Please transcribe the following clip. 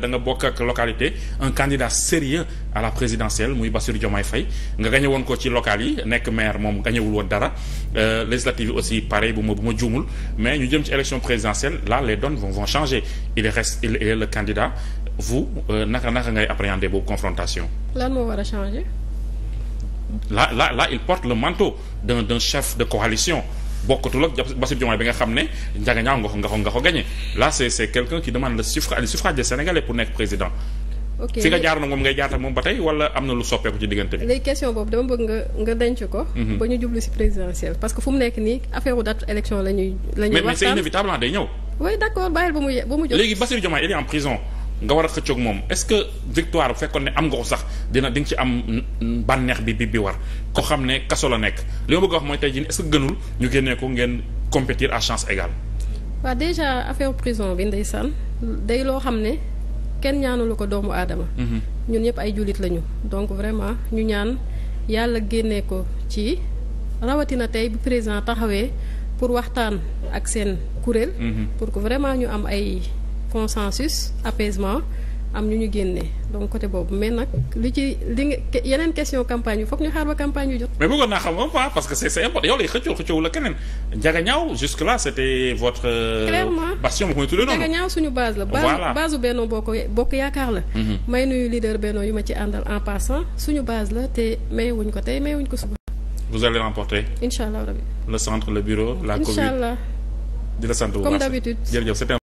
da nga bokk ak localité un candidat sérieux à la présidentielle muy Bassirou Diomaye Faye nga gañe woon ko ci local yi nekk maire moom gañewul woon dara euh, législative yi aussi pareil bu ma bu ma juumul mais ñu jëm ci élection présidentielle là les donnes vont vont changer il est le candidat vous euh, naka naka ngay appréhender boobu confrontation. lan moo war il porte le manteau d'un d'un chef de coalition. bokkatul ak Bassirou bi nga xam ne njagañaaw nga nga ko nga ko gagné là c'est c'est quelqu'un qui demande le suffrage le pour nekk président fi nga jaar na moom ngay jaar ak moom ba tey wala am na lu soppeeku ci diggante bi. léegi question boobu dama bëgg nga nga denc ko. Mhm. ba ñu jublu ci présidentielle parce que fu mu nekk nii affaire date élection la ñuy. la ñuy waxtaan day ñëw. oui d'accord bàyyil ba mu ba mu jóg léegi Bassirou Diomaye nga war a xëccoog moom est-ce que victoire bu fekkoon ne am nga ko sax dina di nga ci am bànneex bi bi bi war ko xam ne kaso la nekk li ma bëgg a wax mooy tey jii est-ce que gënul ñu génnee ko ngeen compétir à chance égale. waaw déjà affaire prison bi nday san day loo xam ne kenn ñaanulu ko doomu aadama. Mhm. ñun ñëpp ay jullit lañu donc vraiment ñu ñaan yàlla génnee ko ci rawatina tey bu président taxawee pour waxtaan ak seen kuréel. Mhm. pour ko vraiment ñu am ay. consensus apaisement am ñu ñu génnee donc côté boobu mais nag li ci li nga yeneen question campagne yi foog ñu xaar ba campagne yu jot. mais bëggoon naa xam nga pas parce que c' est important yow lay xëccoo xëccoo la keneen Ndiaga Niaw jusque là c' était votre. Euh, clairement bastion bu may tuddee noonu. Ndiaga suñu base la. voilà base Benno Bokk Bokk Yaakaar la. Mm-hmm. may nuyu leader Benno yu ma ci àndal en passant suñu base la te mayewuñ ko tey mayewuñ ko suba. la commune incha la sant